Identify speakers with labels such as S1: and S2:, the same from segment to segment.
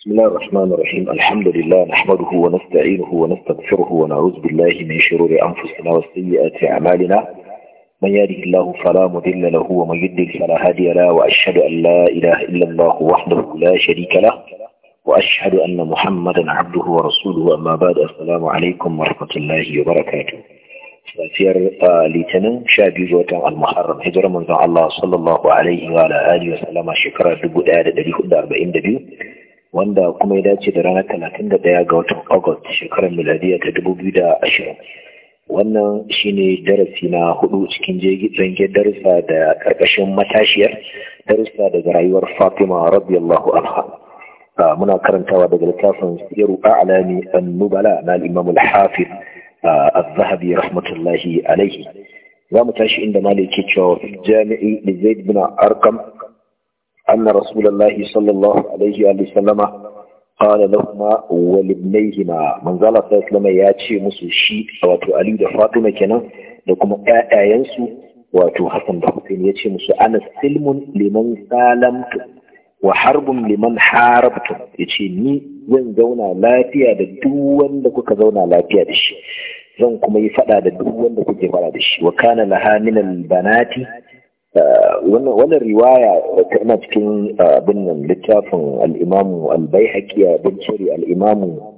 S1: بسم الله الرحمن الرحيم الحمد لله نحمده ونستعينه ونستغفره ونعوذ بالله من شرور أنفسنا وسيئات أعمالنا من يهده الله فلا مضل له ومن يضلل فلا هادي له وأشهد أن لا إله إلا الله وحده لا شريك له وأشهد أن محمدا عبده ورسوله أما بعد السلام عليكم ورحمة الله وبركاته safiyar litinin sha biyu ga watan almuharram الله manzon Allah sallallahu alaihi wa alihi wa sallama wanda kuma ya dace da ranar 31 ga watan August shekarar miladiya ta 2020. Wannan shine darasi na hudu cikin zange darussa da ƙarƙashin matashiyar darussa daga rayuwar Fatima radiyallahu anha. Muna karantawa daga littafin Siru A'lami An-Nubala na Imam al Az-Zahabi rahmatullahi alaihi. Za mu tashi inda Malik ke cewa jami'i da zai bin Arkam أن رسول الله صلى الله عليه وسلم قال لهما ولابنيهما من قال صلى الله عليه وسلم ياتي مسو شي واتو علي da Fatima kenan da kuma ƴaƴayensu wato Hassan da Hussein yace musu ana silmun liman salamtu wa harbun liman harabtu yace ni zan zauna lafiya da duwanda kuka zauna lafiya da shi zan kuma yi faɗa da duk kuke fada da shi wa kana laha min albanati wannan riwaya tana cikin ah, abin nan littafin al'imamu al-baihaqi a al'imamu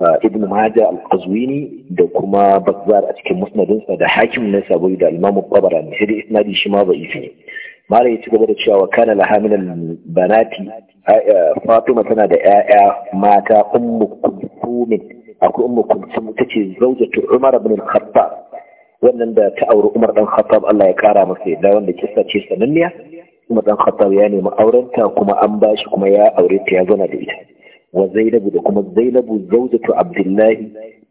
S1: ah, ibn maja al-qazwini da kuma bazzar a cikin musnadinsa da hakim na sabai da al'imamu tabarani sai da isnadi shi ma ba ya ci gaba da cewa kana laha banati ah, fatima tana da 'ya'ya mata ummu kulthum akwai ummu kulthum tace zaujatu umar ibn al-khattab wannan da ta auri Umar dan Khattab Allah ya kara masa da wanda kissa ce sananniya Umar dan Khattab ya nemi aurenta kuma an bashi kuma ya aure ta ya zauna da ita wa Zainabu da kuma Zainabu zawjatu Abdullah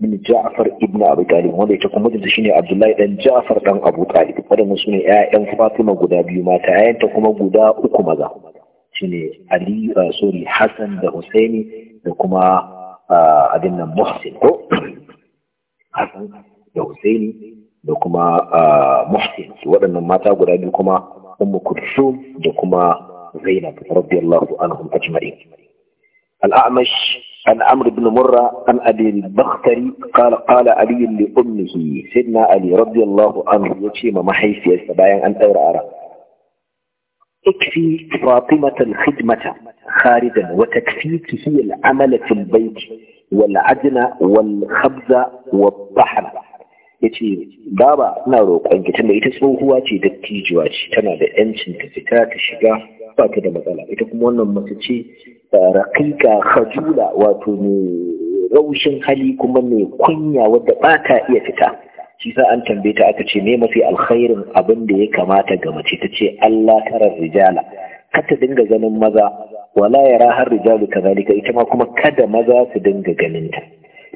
S1: bin Ja'far ibn Abi Talib wanda ita kuma mijinta shine Abdullah dan Ja'far dan Abu Talib wadannan sune ƴaƴan Fatima guda biyu mata ƴaƴanta kuma guda uku maza shine Ali uh, sorry Hassan da Husaini da kuma uh, abin nan Muhsin ko Hassan da Husaini da kuma muhsin waɗannan mata guda biyu kuma ummu kulsum da kuma zainab radiyallahu anhum ajma'in al-a'mash an amr ibn murra an abi al-bakhtari qala qala ali li ummihi sidna ali radiyallahu anhu yace ma mahaifiyarsa bayan an daura ara اكفي فاطمة الخدمة خارجا وتكفيك هي العمل في البيت والعدن والخبز والطحن Yace ce baba ina roƙon ki tunda ita tsohuwa ce dattijuwa ce tana da yancin ta fita ta shiga ba ta da matsala ita kuma wannan mace ce raƙiƙa khajula wato mai raushin hali kuma mai kunya wadda ba ta iya fita shi sa an tambaye ta aka ce me mafi alkhairin abin da ya kamata ga mace ta ce Allah tara rijala kata dinga ganin maza wala yara har rijalu kazalika ita ma kuma kada maza su dinga ganin ta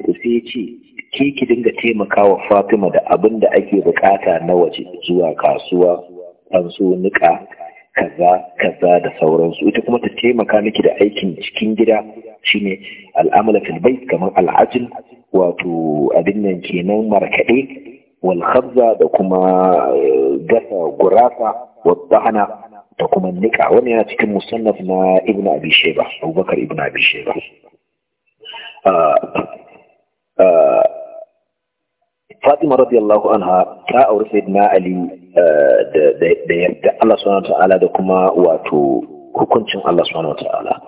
S1: sai ya ce ke ki dinga taimakawa Fatima da abin da ake bukata na waje zuwa kasuwa fanso nika kaza kaza da sauransu ita kuma ta taimaka miki da aikin cikin gida shine al'amala fil kamar al'ajin, wato abin nan kenan markade wal khabza da kuma eh, gasa gurasa wa da kuma nika wannan yana cikin musannaf na ibnu abi shayba abubakar ibnu abi shayba ah, Uh, Fatima radiyallahu anha ta auri Sayyidina Ali uh, da yadda Allah subhanahu ta'ala da kuma wato hukuncin Allah subhanahu ta'ala.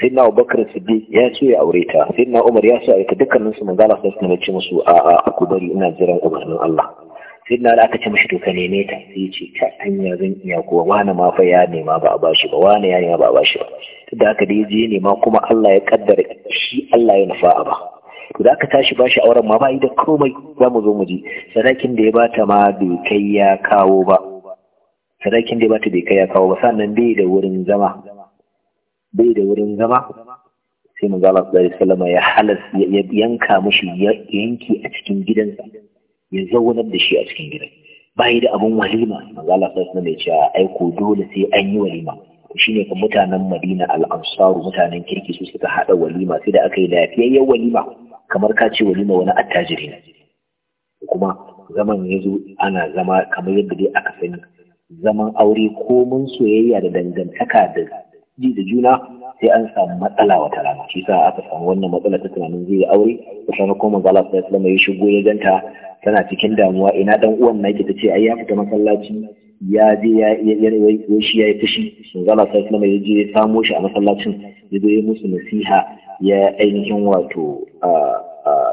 S1: Sayyidina Abubakar Siddiq ya ce ya aure ta, Sayyidina Umar ya ce aure dukkanin su manzala sai su ne ce musu a a ku bari ina jiran umarnin Allah. Sayyidina Ali aka ce mishi to ka neme ta sai ya ce ka hanya zan iya kuwa wani ma fa ya nema ba a bashi ba wani ya nema ba a bashi ba. Tunda haka dai je nema kuma Allah ya kaddara shi Allah ya nufa ba. to da aka tashi ba shi auren ma ba yi da komai za mu zo mu ji sadakin da ya bata ma bai kai ya kawo ba sadakin da ya bata bai kai ya kawo ba sannan bai da wurin zama bai da wurin zama sai mu Allah sallallahu alaihi wasallam ya halas ya yanka mushi yanki a cikin gidansa ya zaunar da shi a cikin gidan bai da abun walima manzo Allah sallallahu alaihi wasallam ya ce aiko dole sai an yi walima shine kan mutanen Madina al-Ansar mutanen kirki su suka hada walima sai da aka yi lafiyayyen walima kamar ka ce walima wani attajiri ne kuma zaman ya zo ana zama kamar yadda dai aka sani zaman aure komun soyayya da dangantaka da ji da juna sai an samu matsala wata rana shi sa aka samu wannan matsala ta tunanin zai yi aure wata na kuma manzo Allah sallallahu ya shigo ya ganta tana cikin damuwa ina dan uwan nake ce? ai ya fita masallaci ya je ya ya shi ya yi fushi manzo Allah sallallahu ya je ya samo shi a masallacin ya zo ya musu nasiha ya ainihin wato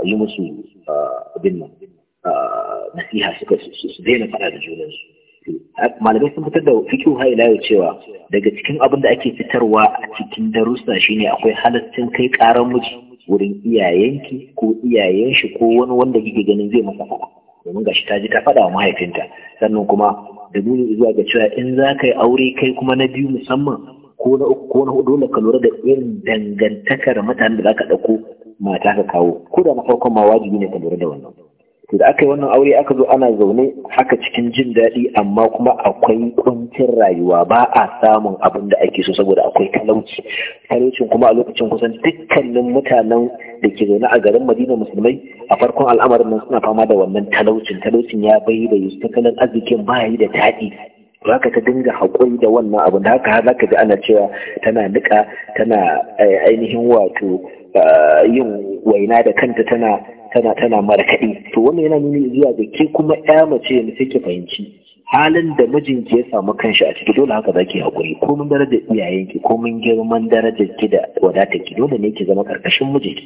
S1: yi musu abin nan nasiha suka su daina faɗa da junansu malamai sun fitar da fikihu ha ila cewa daga cikin abin da ake fitarwa a cikin darussa shine akwai halaccin kai karan miji wurin iyayenki ko iyayen shi ko wani wanda kike ganin zai masa faɗa domin gashi ta ji ta faɗa wa mahaifinta sannan kuma da nuni zuwa ga cewa in za ka yi aure kai kuma na biyu musamman ko na uku ko na hudu na ka da irin dangantakar mutanen da za ka dauko mata ka kawo ko da na farkon ma wajibi ne ka lura da wannan to da aka yi wannan aure aka zo ana zaune haka cikin jin daɗi amma kuma akwai kuncin rayuwa ba a samun abin da ake so saboda akwai talauci talaucin kuma a lokacin kusan dukkanin mutanen da ke zaune a garin madina musulmai a farkon al'amarin nan suna fama da wannan talaucin talaucin ya bai da yusu tattalin arzikin ba yi da daɗi za ka ta dinga haƙuri da wannan abin da haka za ka ji ana cewa tana nika tana eh, ainihin wato eh, yin waina da kanta tana tana tana markaɗi to wannan yana nuni zuwa da ke kuma ya mace ne sai fahimci halin da mijinki ya samu kanshi a ciki dole haka zaki hakuri ko mun daraja iyayenki ko mun girman darajar ki da wadatar ki dole ne ki zama karkashin mijinki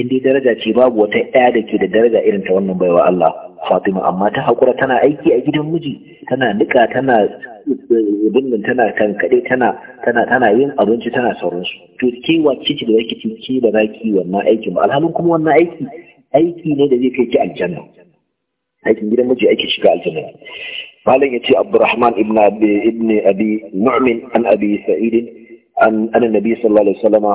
S1: in dai daraja ce babu wata ɗaya da ke da daraja irin ta wannan baiwa Allah Fatima amma ta hakura tana aiki a gidan miji tana nika tana binnin tana kankade tana tana tana yin abinci tana sauransu to ke wacce ki da zaki ci ki da zaki wannan aikin ba alhalin kuma wannan aiki aiki ne da zai kai ki aljanna aikin gidan miji aiki shiga aljanna malam yace Abdurrahman ibn Abi ibn Abi Nu'man an Abi Sa'id an anna Nabi sallallahu alaihi wasallam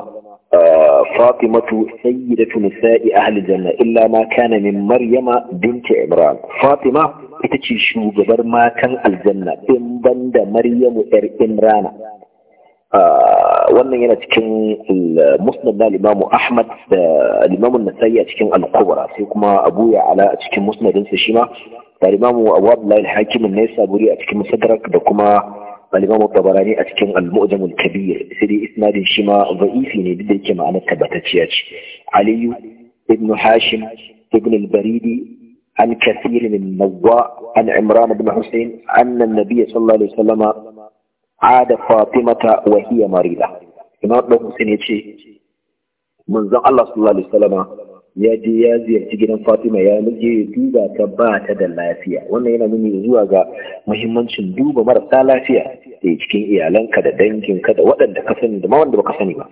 S1: فاطمة سيدة نساء أهل الجنة إلا ما كان من مريم بنت عمران فاطمة تتشي شو ما كان الجنة إن بند مريم إر إمران wannan yana cikin uh, musnad limamu ahmad da limamun nasai a cikin alkubra sai kuma abu ala a cikin musnadinsa shima. balimamu abu abdullahi alhakim ne ya a cikin musadarar da kuma balimamu Babarani a cikin almu'jamul kabir sai dai isnadin shi ma za'ifi ne duk da yake ma'ana tabbatacciya ce aliyu Ibnu hashim ibn al-baridi an kathir min an imran ibn husayn anna an-nabiy sallallahu alaihi wasallam fatimata wa hiya marida ya ce manzon allah sallallahu ya je ya ziyarci gidan Fatima ya muje ya duba ta ba ta da lafiya wannan yana nuni zuwa ga muhimmancin duba marasa lafiya da cikin iyalanka da danginka da waɗanda ka sani da ma wanda baka sani ba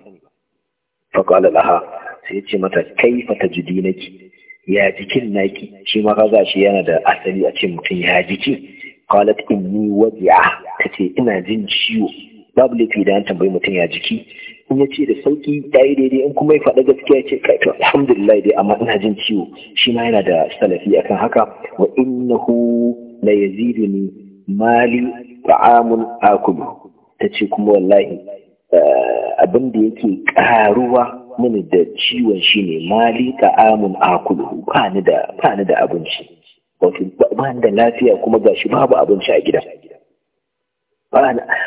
S1: faqala laha sai ce mata kaifa jidi naki ya jikin naki shi ma kaga shi yana da asali a ce mutum ya jiki qalat inni wajia tace ina jin ciwo babu laifi da an tambayi mutum ya jiki in ya ce da sauki ta yi daidai in kuma ya faɗa gaskiya ce kai alhamdulillah dai amma ina jin ciwo shi ma yana da salafi akan haka wa innahu la yaziduni mali ta'amun akulu ce kuma wallahi eh, abin da yake karuwa mini da ciwon shine mali ta'amun akulu ba ni da abinci ba ni da lafiya kuma gashi babu abinci a gida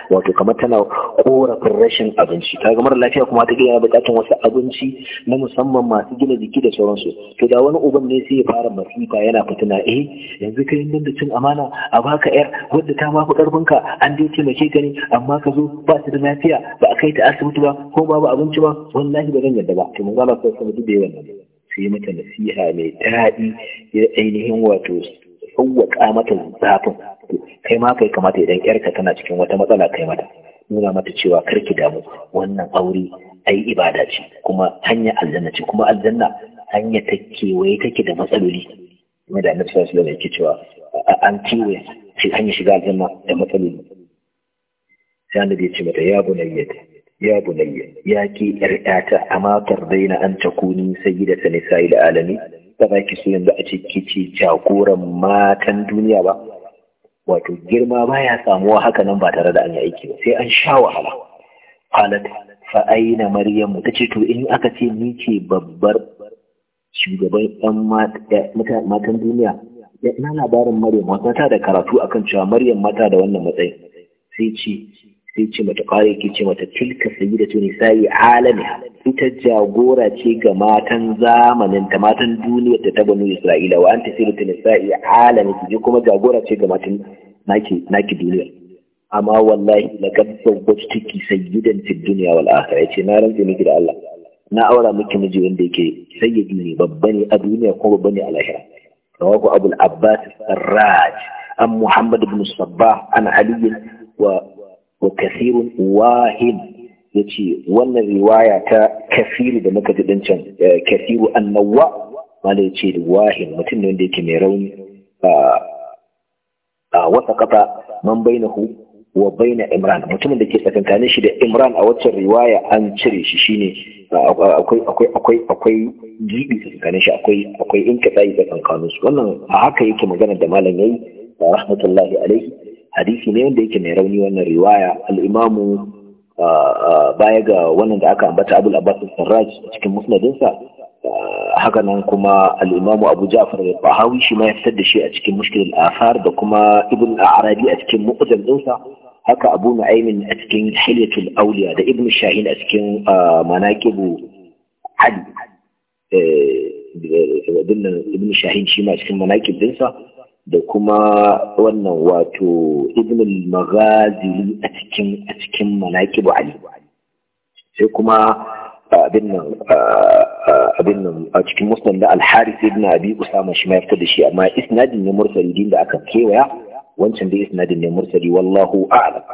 S1: wato kamar tana korafin rashin abinci kaga mara lafiya kuma ta gina bukatun wasu abinci na musamman masu gina jiki da sauransu to da wani uban ne sai ya fara masifa yana fitina eh yanzu kai nan da cin amana a baka yar wadda ta mafi karfin an dai taimake ka ne amma ka zo ba su da lafiya ba a kai ta asibiti ba ko babu abinci ba wallahi ba zan yarda ba to mun zama sai sun dube wannan yawan sai mata nasiha mai daɗi ya ainihin wato sauwaƙa mata zafin kai ma kai kamata idan yarka tana cikin wata matsala kai mata nuna mata cewa karki damu wannan aure ai ibada ce kuma hanya aljanna ce kuma aljanna hanya ta kewaye take da matsaloli kuma da annabi sallallahu alaihi wasallam yake cewa an kiwe shi hanya shiga aljanna da matsaloli sai annabi ya ce mata ya bunayya ya bunayya ya ki yar yata amma tardaina an takuni sayyidatan nisa'il alami ba za ki so yanzu a ce ki ce jagoran matan duniya ba wato girma baya samuwa haka nan ba tare da an yi aiki ba sai an sha wahala qalat fa aina maryamu ce to in aka ce ni ce babbar shugaban yan matan duniya na labarin maryam wata ta da karatu akan cewa maryam mata da wannan matsayin sai ce sai ce mata ƙware ke ce mata tilka sayyidatu nisa'i alamiha ita jagora ce ga matan zamanin ta matan duniyar ta tabanu isra'ila wa anta sirtu nisa'i alami ji kuma jagora ce ga matan naki naki duniyar amma wallahi laqad zawwajtiki sayyidan fid dunya wal akhirah ce na rantsa miki da Allah na aura miki miji wanda yake sayyidi ne babba ne a duniya kuma babba ne a lahira rawaku abul abbas sarraj Am muhammad ibn sabbah an ali wa wa kathirun wahid ya ce wannan riwaya ta kafiru da muka jiɗin can eh, kafiru annawa wanda ya ce wahin mutum ne wanda yake mai rauni a wata kafa man bainahu wa baina imran mutumin da ke tsakankanin shi da imran a waccan riwaya an cire shi shine akwai akwai akwai akwai gibi tsakankanin shi akwai akwai in ka tsayi tsakankanin su wannan a haka yake magana da malam yayi rahmatullahi alaihi hadisi ne wanda yake mai rauni wannan riwaya al-imamu baya ga wannan da aka ambata abul abbas sarraj cikin musnadinsa haka nan kuma al'imamu abu ja'far da bahawi shi ma ya fitar da shi a cikin mushkil al'afar da kuma ibn arabi a cikin mu'jam dinsa haka abu nu'aymin a cikin hilyatul auliya da ibn shahin a cikin manaqibu hadi eh, eh, ibn shahin shi ma cikin manaqib dinsa da kuma wannan wato ibnul al-maghazili a cikin a cikin ali sai kuma abin nan abin nan a cikin musnad da al-harith ibn abi usama shi ma da shi amma isnadin ne mursali din da aka kewaya wancan da isnadin ne mursali wallahu a'lam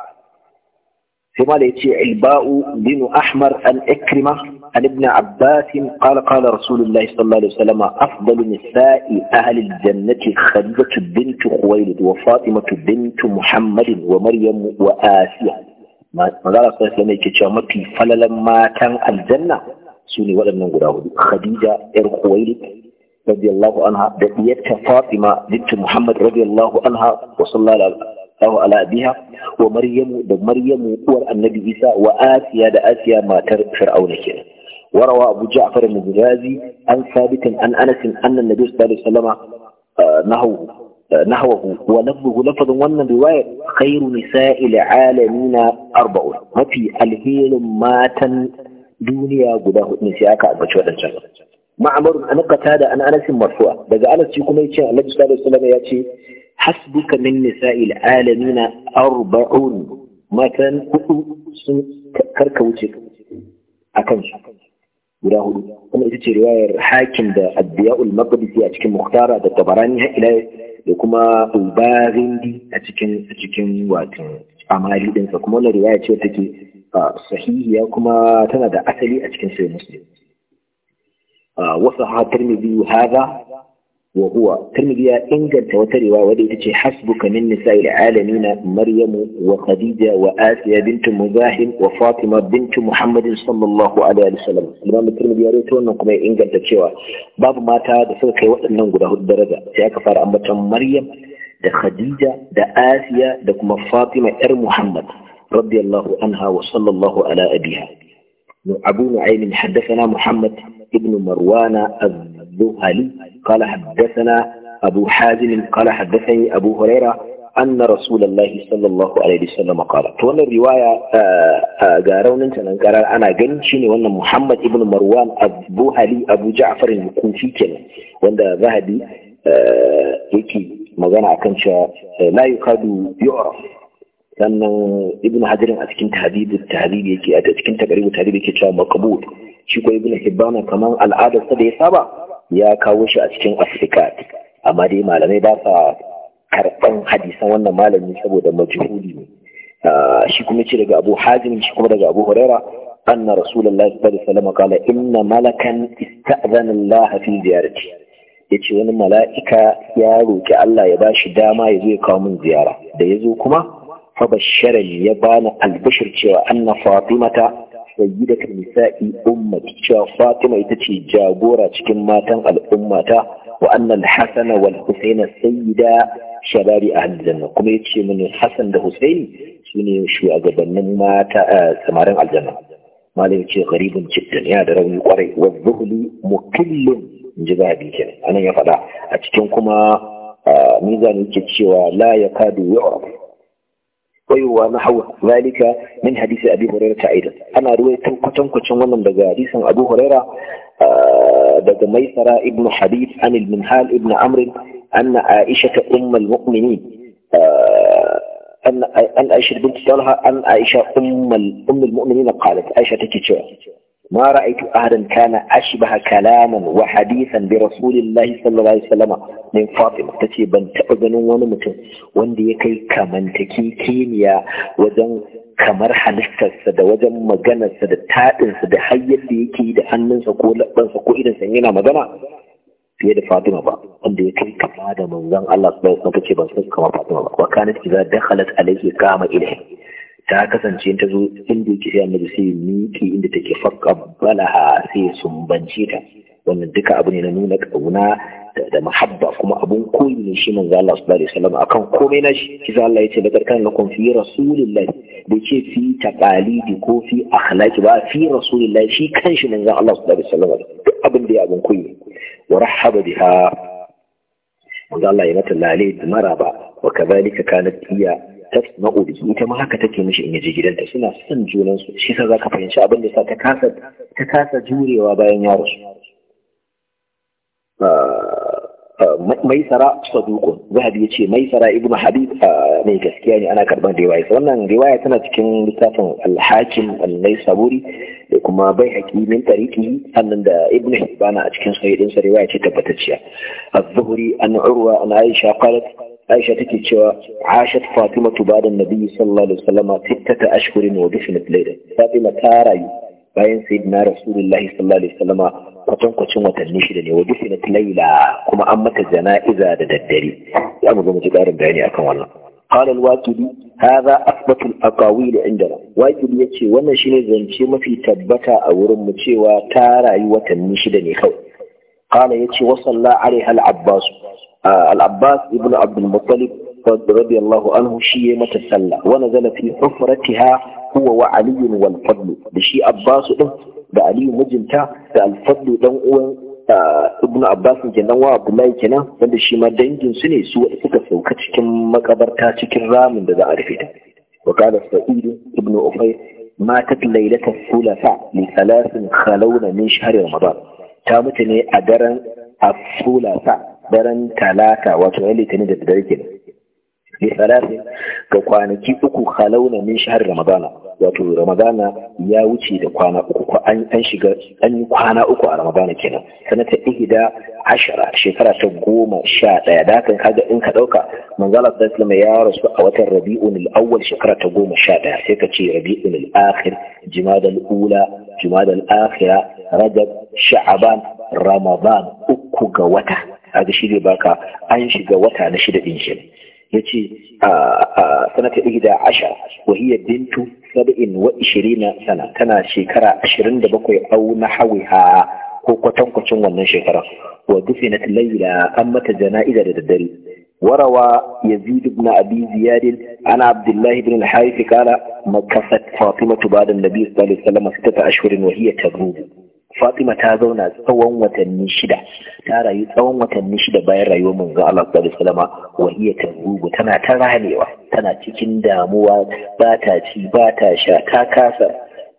S1: sai ma da yace ilba'u bin ahmar an ikrima عن ابن عباس قال قال رسول الله صلى الله عليه وسلم أفضل نساء أهل الجنة خديجة بنت خويلد وفاطمة بنت محمد ومريم وآسيا ما قال صلى الله عليه وسلم يكي فللا ما كان الجنة سوني ولم نقول خديجة إر خويلد رضي الله عنها بقيتها فاطمة بنت محمد رضي الله عنها وصلى الله عليه أو على بها ومريم ده مريم uwar annabi Isa wa Asiya da Asiya matar Fir'auna kenan وروى أبو جعفر المجازي أن ثابت أن أنس أن النبي صلى الله عليه وسلم آه، نهوه آه، نهوه ولفظه لفظ وانا بواية خير نساء العالمين أربع ما في الهيل ماتا دنيا قده نساء كأبا شوالا جنة ما عمر أنا هذا أن أنس مرفوع بذا أنس يقول النبي صلى الله عليه وسلم يأتي حسبك من نساء العالمين أربع ما كان كركوتك guda hudu kuma ita ce riwayar hakim da addiya'ul maqdisi a cikin muhtara da tabarani har ila da kuma ubarindi a cikin a cikin watan amali din sa kuma wannan riwaya ce take sahihiya kuma tana da asali a cikin sahih muslim wa sahaha tirmidhi hadha wa huwa ya inganta wata riwaya wadda ita ce hasbuka min nisa'il alamina Maryamu wa Khadija wa Asiya bintu Muzahim wa Fatima bintu Muhammadin sallallahu alaihi wa sallam Imam Tirmidhi ya rawaito wannan kuma ya inganta cewa babu mata da saka kai waɗannan guda hudu daraja sai aka fara ambaton Maryam da Khadija da Asiya da kuma Fatima yar Muhammad radiyallahu anha wa sallallahu ala abiha أبو نعيم حدثنا muhammad ibnu marwana الذهلي قال حدثنا أبو حازم قال حدثني أبو هريرة أن رسول الله صلى الله عليه وسلم قال تولى الرواية قارون انت قال أنا قنشني وأن محمد ابن مروان أبو علي أبو جعفر الكوفي كان وأن ذهبي yake magana a kan cewa la yi kadu yi'ura sannan ibn hajarin a cikin tahdidu tahdidu yake a cikin takaribu tahdidu yake cewa ibn hibbana kaman al'adar sada ya saba ya kawo shi a cikin Afrika. amma dai malamai ba sa karɓan hadisan wannan malami saboda majhuli ne ah, shi kuma ce daga abu hajim shi kuma daga abu huraira anna rasulullahi sallallahu alaihi wasallam qala inna malakan ista'zana Allah fi ziyarati yace wani mala'ika ya roki Allah ya bashi dama ya zo ya kawo min ziyara da yazo kuma fa basharani ya bani albashir cewa anna fatimata sayyidat nisa'i ummati cewa Fatima ita ce jagora cikin matan al'ummata wa annal Hasan wal Husayn sayyida Shabari a Aljanna. kuma ce mini Hassan da husaini shine shugabannin mata eh, samarin aljanna malam yace gharibun jiddan yana da rauni kwarai wa zuhli mukillun inji zahabi kenan anan ya faɗa a cikin kuma eh, mizan yake cewa la yakadu yu'raf ونحو أيوة ذلك من حديث أبي هريرة أيضا أنا رويت كتن كتن ومن دقى حديث أبو هريرة آه، دقى ميسرة ابن حبيب عن المنهال ابن عمرو أن عائشة أم المؤمنين آه، أن عائشة بنت طلحة أن عائشة أم المؤمنين قالت عائشة تكتشوها ما رأيت أحدا كان أشبه كلاما وحديثا برسول الله صلى الله عليه وسلم من فاطمة تتي بن تأذن ونمت واندي كي كمن تكي كيميا وجن kamar halittarsa da wajen maganarsa da taɗinsa da hayyar da yake yi da hannunsa ko laɓansa ko idansa yana magana fiye da Fatima ba wanda ya kai kama da manzon Allah subhanahu wa ta'ala ce ban san kama Fatima ba wa kanat idza dakhalat alayhi kama ilayhi ta kasance ta zo inda yake sai annabi sai miƙe inda take faqabbalaha sai sumbance ta wannan duka abu ne na nuna kauna da muhabba. kuma abun koyi ne shi manzo Allah sallallahu alaihi wasallam akan komai na shi kisa Allah yace da karkan na kun fi rasulullahi da ce fi taqalidi ko fi akhlaqi ba fi rasulullahi shi kanshi manzo Allah sallallahu alaihi wasallam duk abin da ya abun koyi wa rahaba biha manzo Allah ya mata lalai da maraba wa kadalika kanat iya tasma'u da ita ma haka take mishi in yaje gidanta suna son junansu shi sa zaka fahimci abin da sa ta kasa ta kasa jurewa bayan ya rasu ah, ah, maisara saduqun zahabi Mai maisara ibnu habib ah, mai gaskiya ne ana karban riwaya wannan riwaya tana cikin littafin al-hakim al-naisaburi da kuma bai haƙi min tariki sannan da ibnu hibana a cikin sahih din sa riwaya ce tabbatacciya az-zuhri an urwa an aisha qalat aisha take cewa ashat fatima bada nabi sallallahu alaihi wasallam sittata ashhurin wa dufinat layla fatima ta rayu bayan sayyidina rasulullahi sallallahu alaihi wasallam watanni shida ne wa dufinat layla kuma an mata jana'iza da daddare za mu zo mu ji ƙarin bayani akan wannan قال الواكدي هذا wannan الأقاويل عندنا واكدي يتشي وانا شيني زنشي ما في تبتا watanni shida ne يوتن نشدني خو قال يتشي وصلى عليها العباس al-abbas ibn abdul muttalib radiyallahu anhu shi ya mata sallah wa nazala fi hufratiha huwa wa ali da shi abbas din da ali mijinta da al-fadl dan uwan ibn abbas kenan wa abdullahi kenan wanda shi ma dangin su ne su suka sauka cikin makabarta cikin ramin da za a rufe ta وقال سعيد ابن Lailata Fulasa ليلة الثلاثاء لثلاث خلون من شهر رمضان a daren الثلاثاء daren talata wato ya litinin da dare kenan ne salatin ga kwanaki uku halauna min shahar ramadana wato ramadana ya wuce da kwana uku ko an an shiga an yi kwana uku a ramadana kenan sanata ihda ashara shekara ta goma sha ɗaya da kan kaga in ka dauka manzala sallallahu alaihi ya rasu a watan rabi'un al-awwal shekara ta goma sha ɗaya sai ka ce rabi'un al-akhir jumada al-ula jumada al-akhira rajab sha'ban ramadan uku ga wata a da shi baka an shiga wata na shida ɗin shi ya ce a sanata ɗigida asha wahiyar dintu saba'in wa na sana tana shekara ashirin da bakwai au na hawi ha ko kwatankwacin wannan shekara wa dufe na tilayila an mata jana'izar da daddare warawa yazid na abi ziyad an abdullah ibn al-harith qala makasat fatimatu ba'da an-nabi sallallahu alaihi wasallam sita ashhurin wa hiya Fatima ta zauna tsawon watanni shida ta rayu tsawon watanni shida bayan rayuwar manzo Allah sallallahu alaihi wasallam wa hiya tana ta ranewa tana cikin damuwa ba ta ci ba ta sha ta kasa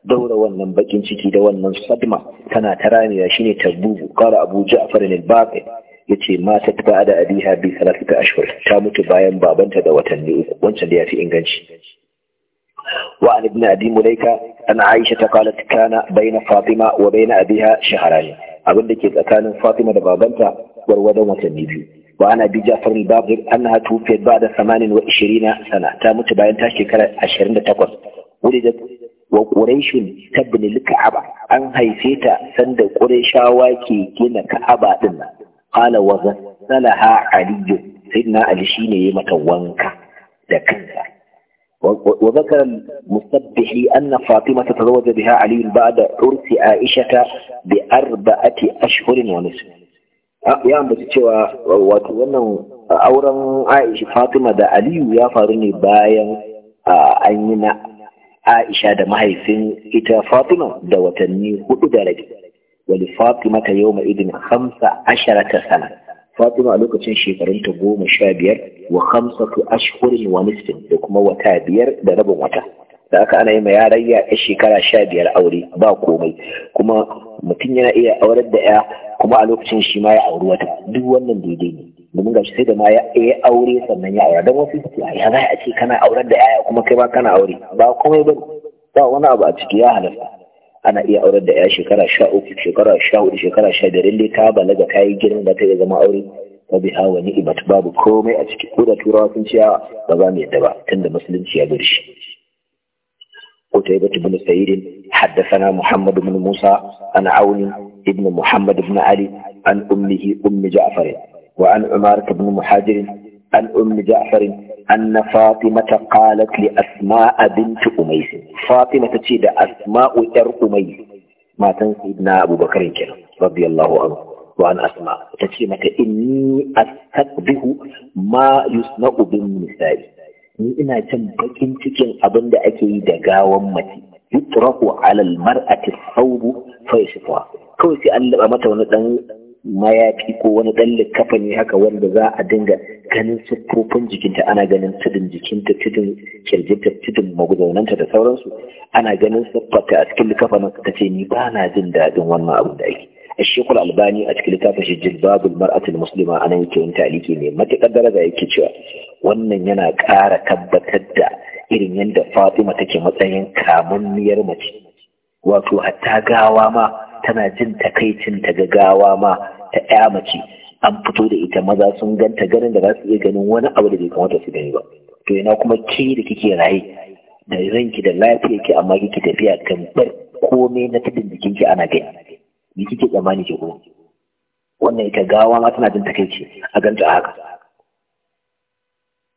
S1: daura wannan bakin ciki da wannan sadma tana ta ranewa shine tazubu qala Abu Ja'far al-Baqi yace mata ta da abiha bi salatata ashhur ta mutu bayan babanta da watanni uku wancan da yafi inganci وعن ابن أبي مليكة أن عائشة قالت كان بين فاطمة وبين أبيها شهران أبن لك كان فاطمة بابنتا ورودا وتنبي وعن أبي جعفر الباقر أنها توفيت بعد 28 سنة تامت بين تشكرة 28 ولدت wa ƙureshin tabbini ka'aba an haife ta sanda ƙureshawa ke gina ka'aba din nan qala wa ghassalaha ali sayyidina ali shine yayi mata wanka da kansa وذكر المسبحي أن فاطمة تزوج بها علي بعد عرس عائشة بأربعة أشهر ونصف يا أم بس وأتمنى أورا عائشة فاطمة دا علي يا فارني بايا أين عائشة دا ما هي سن إتا فاطمة دا وتنمي هدو ولفاطمة يومئذ خمس عشرة سنة fatima a lokacin shekarunta goma sha biyar wa hamsatu ashhurin wa nisfin da kuma wata biyar da rabin wata da aka ana yi ma yarayya ya shekara sha biyar aure ba komai kuma mutum yana iya aurar da ya kuma a lokacin shi ma ya auri wata duk wannan daidai ne domin ga sai da ma ya aure sannan ya aura don wasu su ya za a ce kana aurar da yaya kuma kai ba kana aure ba komai ba ba wani abu a ciki ya halatta ana iya aurar da ya shekara sha uku shekara sha hudu shekara sha biyar lalle ta balaga ta yi girma da ta iya zama aure wa biha wa ni'mat babu komai a ciki ko da turawa sun ce ba za mu yadda ba tunda musulunci ya bar shi قتيبة بن سعيد حدثنا محمد بن موسى عن عون بن محمد بن علي عن أمه أم جعفر وعن عمارة بن محاجر عن أم جعفر أن فاطمة قالت لأسماء بنت أميس فاطمة تشيد أسماء إر أميس ما تنسي ابن أبو بكر كنا رضي الله عنه وعن أسماء تشيمة إني أستقبه ما يصنع بالنساء ni ina jin bakin cikin abin da ake yi da gawan mace yutraku ala almar'ati thawbu fa yashfa kawai sai an laba mata wani dan mayafi ko wani ɗan likafa ne haka wanda za a dinga ganin siffofin jikinta ana ganin tudun jikinta tudun kirjinta tudun magudaunanta da sauransu ana ganin siffarta a cikin likafa na ta ce ni ba na jin daɗin wannan abin da ake a cikin الشيخ shi أتكلم تافش جلباب المرأة المسلمة yake wani taliki ne matuƙar daraja yake cewa. wannan yana ƙara tabbatar da irin yadda Fatima take matsayin kamunniyar mace wato hatta gawa ma tana jin takaicin ta ga gawa ma ta ɗaya mace an fito da ita maza sun ganta ganin da za su iya ganin wani abu da bai kamata su gani ba to ina kuma ke da kike raye da ranki da lafiya ke amma kike tafiya kan bar komai na tudun ki ana gani ni kike tsammani ke ko wannan ita gawa ma tana jin takaici a ganta haka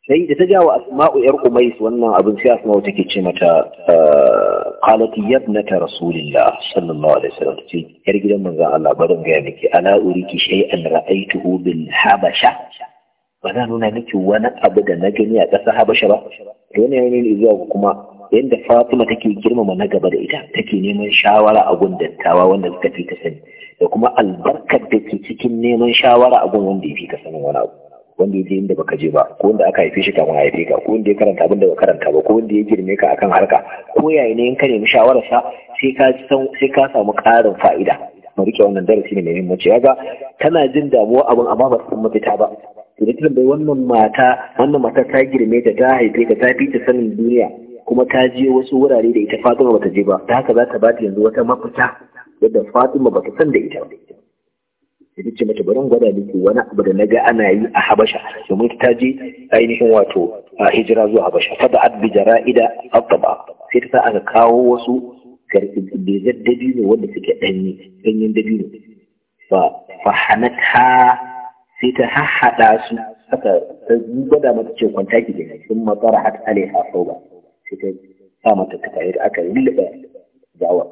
S1: sai da ta jawo asma'u yar umais wannan abin sai asma'u take ce mata eh, قالت يا ابنة رسول الله صلى الله عليه وسلم تجي يرجع من ذا الله بدون جامك أنا أريك شيئا رأيته بالحبشة وأنا نونا نك وأنا أبدا نجني أتسا حبشة با وأنا يعني إذا وكما yadda Fatima take girmama na gaba da ita take neman shawara a gun dattawa wanda suka fi ta sani da kuma albarkar da ke cikin neman shawara a gun wanda ya fi ka sanin wani abu wanda yake inda baka je ba ko wanda aka haife shi kafin a haife ka ko wanda ya karanta abin da baka karanta ba ko wanda ya girme ka akan harka ko yaya ne in ka nemi shawararsa sai ka san sai ka samu ƙarin fa'ida mu rike wannan darasi ne mai muhimmanci ga tana jin damuwa abin amma ba ta san mafita ba idan bai wannan mata wannan mata ta girme ta ta haife ka, ta fi ta sanin duniya kuma ta je wasu wurare da ita Fatima bata je ba ta haka za ta ba ta yanzu wata mafita yadda Fatima bata san da ita ba ya ce mata barin gwada miki wani abu da naga ana yi a habasha domin ta je ainihin wato a hijira zuwa habasha ta da abbi jara'ida abba sai ta sa aka kawo wasu bezar dabino wanda suke danyi ɗanyen dabino fa fahanata sai ta hahada su haka ta gwada mata ce kwanta ki kenan sun matsara hat alaiha sauba sai ta sa mata ta da aka lullube gawa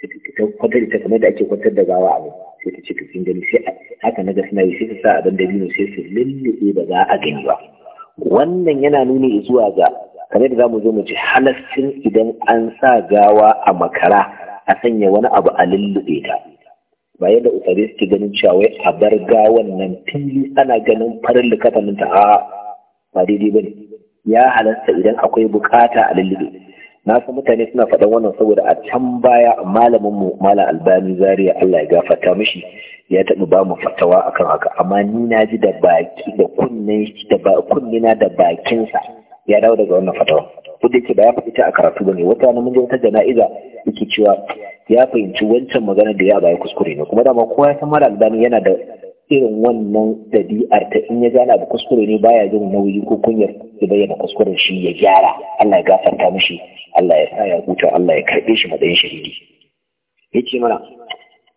S1: sai ta kwatar da ta kamar da ake kwantar da gawa a gaba sai ta ce ta kin gani sai haka na gasna yi sai ta sa abin dabino sai su lullube ba za a gani ba wannan yana nuni zuwa ga kamar da zamu zo mu ci halascin idan an sa gawa a makara a sanya wani abu a lullube ta ba yadda usare suke ganin cewa wai a bar gawan nan fili ana ganin farin lukatan ta a ba daidai bane ya halasta idan akwai bukata a lullube na san mutane suna faɗan wannan saboda a can baya malamin mu malam albani zaria Allah ya gafarta mishi ya taɓa ba mu fatawa akan haka amma ni na ji da baki da kunnen shi da kunnina da bakinsa ya dawo daga wannan fatawa duk yake ba ya faɗi ta a karatu bane wata na mun je wata jana'iza yake cewa ya fahimci wancan magana da ya bayar kuskure ne kuma dama kowa ya san malam albani yana da irin wannan ɗabi'ar ta in ya gana abu kuskure ne baya jin nauyi ko kunyar ya bayyana kuskuren shi ya gyara Allah ya gafarta mishi Allah ya sa ya huta Allah ya karɓe shi matsayin shahidi yace mana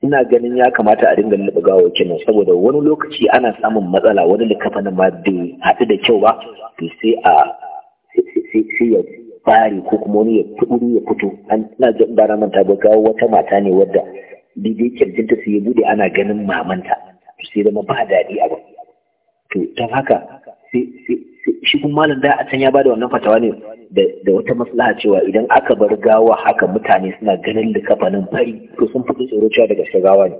S1: ina ganin ya kamata a dinga lulluɓa gawawakin nan saboda wani lokaci ana samun matsala wani likafanin ma da haɗu da kyau ba to sai a sai ya bari ko kuma wani ya ya fito an ina ga bara manta ba gawo wata mata ne wadda daidai kirjinta su ya bude ana ganin mamanta sai zama ba daɗi abu to ta haka shi kuma malam da a can ya bada wannan fatawa ne da wata maslaha cewa idan aka bar gawa haka mutane suna ganin kafanin fari to sun fi tsoro cewa daga shiga gawa ne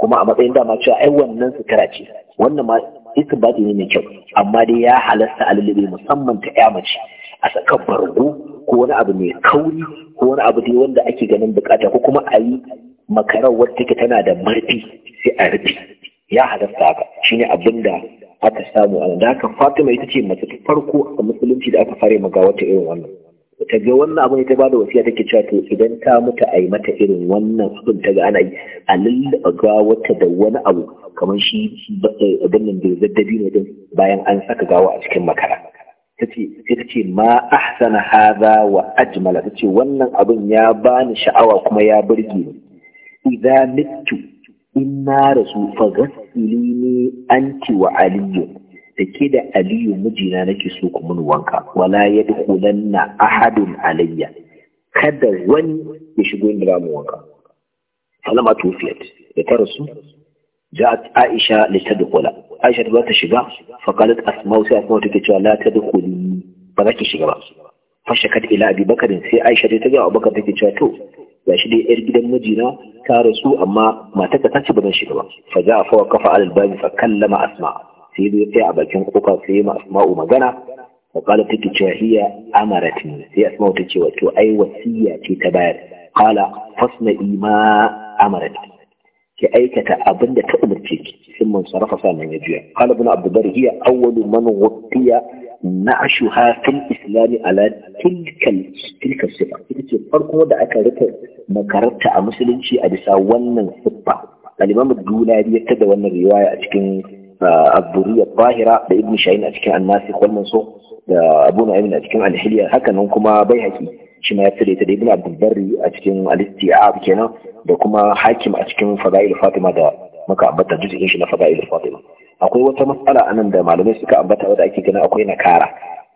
S1: kuma a matsayin dama cewa ai wannan sutura ce wannan ma istinbati ne mai kyau amma dai ya halasta a lullube musamman ta ya mace a saka bargo ko wani abu mai kauri ko wani abu dai wanda ake ganin bukata ko kuma a yi makarar wata take tana da marfi sai a rufe ya halasta haka shine abin da aka samu a nan. da haka fatima ita ce mace ta farko a musulunci da aka fara maga wata irin wannan ta ga wannan abin ta bada wasiya take cewa to idan ta mutu a yi mata irin wannan abin ta ga ana yi a lullaba wata da wani abu kamar shi eh, abin nan da biyu ne din bayan an saka gawa a cikin makara tace sai ta ce ma ahsana hadha wa ajmala ce wannan abin ya bani sha'awa kuma ya burge ni idza mitu na rasu fa gasili an anti wa aliyu da ke da aliyu mijina nake so ku mun wanka wala yadkhulanna ahadun alayya kada wani ya shigo inda ba mu wanka falama tufiyat da ta rasu ja'at aisha litadkhula aisha ta ta shiga fa qalat asma'u sai asma'u take cewa la tadkhuli ba za ki shiga ba fa shakat ila abi bakarin sai aisha ta ga abubakar take cewa to shi dai yar gidan mijina ta rasu amma matarka ta ce ba zan shiga ba fa za a fawa kafa alal babi fa kallama asma sai zo sai a bakin kofa sai ma asma'u magana fa ta take cewa hiya ne sai asma'u ta ce wato ai wasiya ce ta bayar qala fasna ima amaratni ki aikata abin da ta umarce ki sun man sarrafa sannan ya juya qala ibn abdullah hiya awwalu man wuqiya na'ashuha fil islami ala tilkal tilkal ita ce farko da aka rika makaranta a musulunci a bisa wannan siffa al-imam ad-dulari ya tada wannan riwaya a cikin abduriya bahira da ibn Shayin a cikin annasi wal mansur da abu nu'aym a cikin al Hakanan haka nan kuma baihaqi shi ma ya tare ta da ibn abdul barri a cikin al-isti'ab kenan da kuma hakim a cikin fada'il fatima da maka ambata juz'in shi na fada'il fatima akwai wata matsala a nan da malamai suka ambata wadda ake gina akwai nakara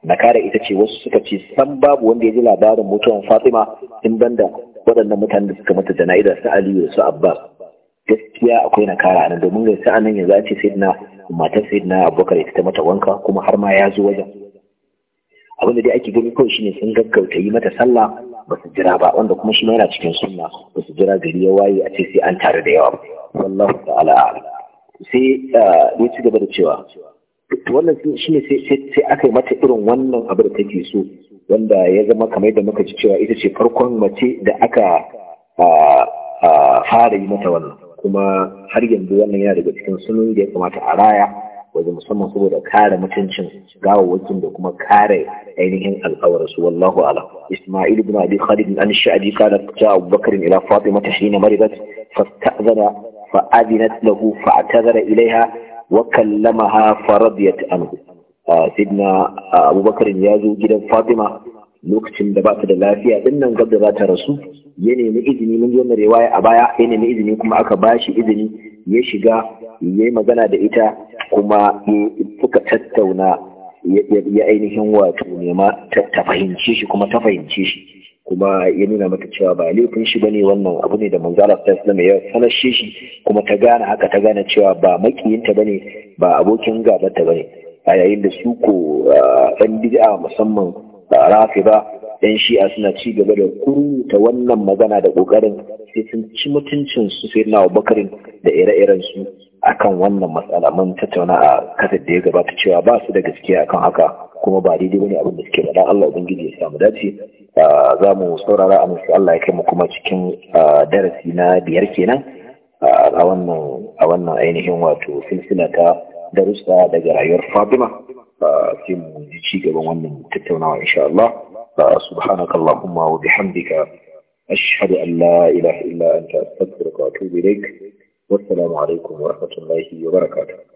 S1: nakara ita ce wasu suka ce san babu wanda ya ji labarin mutuwan fatima in banda waɗannan mutanen da suka mata jana'idar su aliyu su abbas gaskiya akwai nakara a nan domin gaisa a nan yanzu a ce sayidina matar sayidina abubakar ita ta mata wanka kuma har ma ya zo wajen abin da dai ake gani kawai shine sun gaggauta yi mata sallah ba su jira ba wanda kuma shi ma yana cikin sunna ba su jira gari ya waye a ce sai an tare da yawa wallahu ta'ala a'lam sai ya eh, ci gaba da cewa wannan shi ne sai aka yi mata irin wannan abu da take so wanda ya zama kamar da muka ci cewa ita ce farkon mace da aka fara yi mata wannan kuma har yanzu wannan yana daga cikin sunan da ya kamata a raya wajen musamman saboda kare mutuncin gawawwakin da kuma kare ainihin su wallahu ala isma'il ibn abi khalid an sha'adi kana ta abubakar ila fatima hina maridat fasta'zana فأذنت له فاعتذر إليها وكلمها فرضيت عنه سيدنا أبو بكر يازو جدا فاطمة lokacin da ba ta da lafiya din nan gab da za ta rasu ya nemi izini mun wannan riwaya a baya ya nemi izini kuma aka ba shi izini ya shiga ya yi magana da ita kuma suka tattauna ya ainihin wato nema ta fahimce shi kuma ta fahimce shi kuma ya nuna mata cewa ba laifin shi bane wannan abu ne da manzala ta islam ya sanar shi kuma ta gane haka ta gane cewa ba makiyinta bane ba abokin gabata bane a yayin da su ko ɗan bid'a musamman rafi ba ɗan shi'a suna ci gaba da kuruta wannan magana da ƙoƙarin sai sun ci mutuncin su sai na bakarin da ire-iren su akan wannan matsala mun tattauna a kasar da ya gabata cewa ba su da gaskiya akan haka kuma ba daidai bane abin da suke faɗa Allah ubangiji ya samu dace za mu saurara a musu Allah ya kai mu kuma cikin darasi na biyar kenan a wannan a wannan ainihin wato silsila ta darussa daga rayuwar Fatima sai mu ji ci gaban wannan tattaunawa insha Allah subhanaka allahumma wa bihamdika ashhadu an la ilaha illa anta astaghfiruka wa atubu ilaik alaikum wa rahmatullahi wa barakatuh